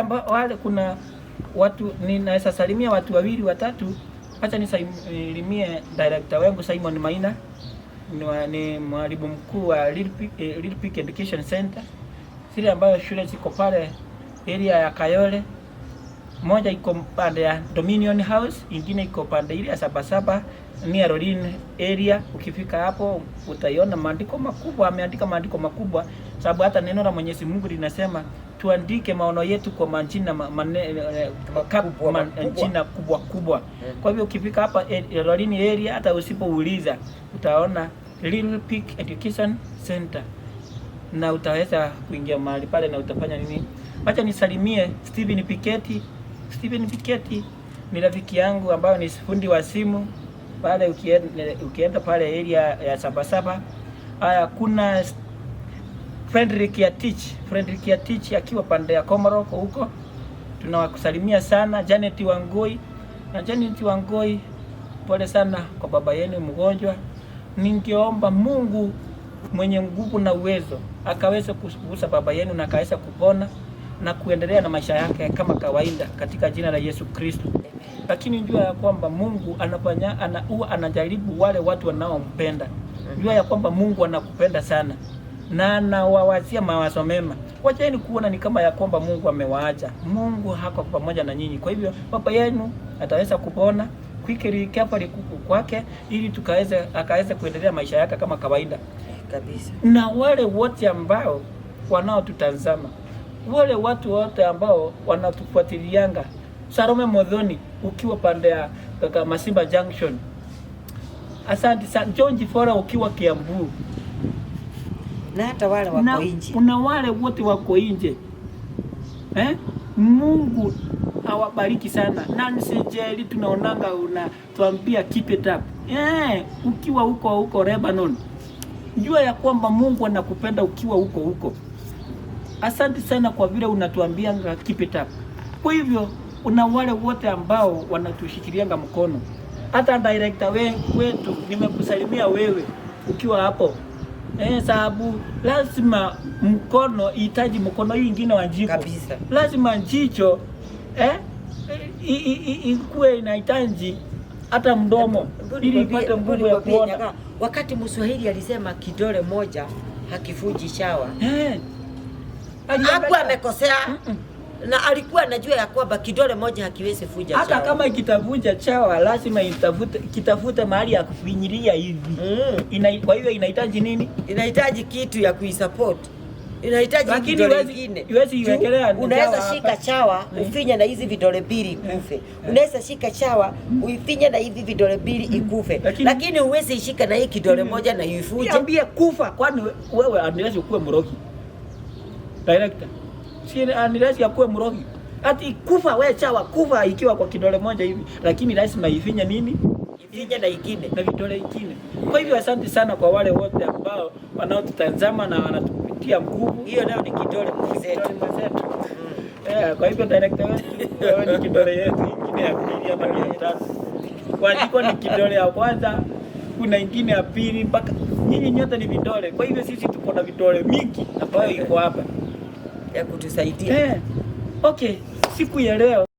Ambao wale kuna watu ninaweza salimia watu wawili watatu, acha nisalimie director wangu Simon Maina, ni ni mwalimu mkuu wa Little Peak eh, Education Center, sile ambayo shule ziko pale area ya Kayole. Moja iko pande ya Dominion House, ingine iko pande ile ya Sabasaba near Rorin area. Ukifika hapo utaiona maandiko makubwa, ameandika maandiko makubwa, sababu hata neno la Mwenyezi Mungu linasema tuandike maono yetu kwa majina majina eh, eh, kubwa kubwa. Mm. Kwa hivyo ukifika hapa eh, Lorini area, hata usipouliza utaona Little Peak Education Center na utaweza kuingia mahali pale na utafanya nini. Acha nisalimie Steven Piketi. Steven Piketi ni rafiki yangu ambayo ni fundi wa simu pale, ukienda, ukienda pale area ya Sabasaba. Haya, kuna Frederick Yatich, Fredrick Yatich akiwa pande ya Komoroko huko, tunawakusalimia sana. Janet Wangoi na Janet Wangoi, pole sana kwa baba yenu mgonjwa. Ningeomba Mungu mwenye nguvu na uwezo akaweza kugusa baba yenu na akaweza kupona na kuendelea na maisha yake kama kawaida katika jina la Yesu Kristo. Lakini jua ya kwamba Mungu anafanya ana, anajaribu wale watu wanaompenda. Jua ya kwamba Mungu anakupenda sana na anawawazia mawazo mema. Wacheni kuona ni kama ya kwamba Mungu amewaacha. Mungu hako pamoja na nyinyi, kwa hivyo baba yenu ataweza kupona kwikirikapari kwake, ili tukaweze akaweze kuendelea maisha yake kama kawaida kabisa. Na wale wote ambao wanaotutazama, wale watu wote ambao wanatufuatilianga, Salome Modhoni, ukiwa pande ya Masimba Junction, asante sana. John Jifora, ukiwa Kiambu na hata wale wako nje. Kuna wale wote wako nje eh? Mungu awabariki sana. Nancy Njeri tunaonanga unatuambia keep it up eh, ukiwa huko huko Lebanon, jua ya kwamba Mungu anakupenda ukiwa huko huko. Asante sana kwa vile unatuambianga keep it up. Kwa hivyo una wale wote ambao wanatushikilianga mkono, hata director wetu nimekusalimia wewe ukiwa hapo eh, sababu lazima mkono ihitaji mkono hii ingine wa jiko kabisa, lazima jicho eh, ikuwe inahitaji hata mdomo ili ipate nguvu ya kuona. Wakati Mswahili alisema kidole moja hakifuji shawa, eh. hakuwa amekosea na alikuwa anajua ya kwamba kidole moja hakiwezi vunja hata kama ikitavunja chawa lazima itafute kitafute mahali ya kufinyilia hivi mm. Ina, kwa hiyo inahitaji nini? Inahitaji kitu ya kuisupport, inahitaji kidole kingine. Iwezi iwekelea, unaweza shika chawa mm. ufinye na hizi vidole mbili mm. ikufe, unaweza shika chawa mm. uifinye na hivi vidole mbili ikufe, lakini uwezi ishika na hii kidole moja na ifunje. Niambie kufa, kwani wewe unaweza kuwa mroki director si ah, ni rahisi akuwe mrohi ati kufa wewe chawa kufa ikiwa kwa kidole moja hivi, lakini lazima ifinye nini ifinye na ikine na vidole ikine. Kwa hivyo asante sana kwa wale wote ambao wanaotutazama na wanatupitia nguvu, hiyo nayo ni kidole mzetu mzetu. Yeah, kwa hivyo director wetu ni kidole yetu ingine ya pili ama ya tatu, kwa kwaliko ni kidole ya kwanza, kuna ingine ya pili mpaka nyinyi nyote ni vidole. Kwa hivyo sisi tuko na vidole mingi ambayo iko hapa ya kutusaidia eh. Okay, siku ya leo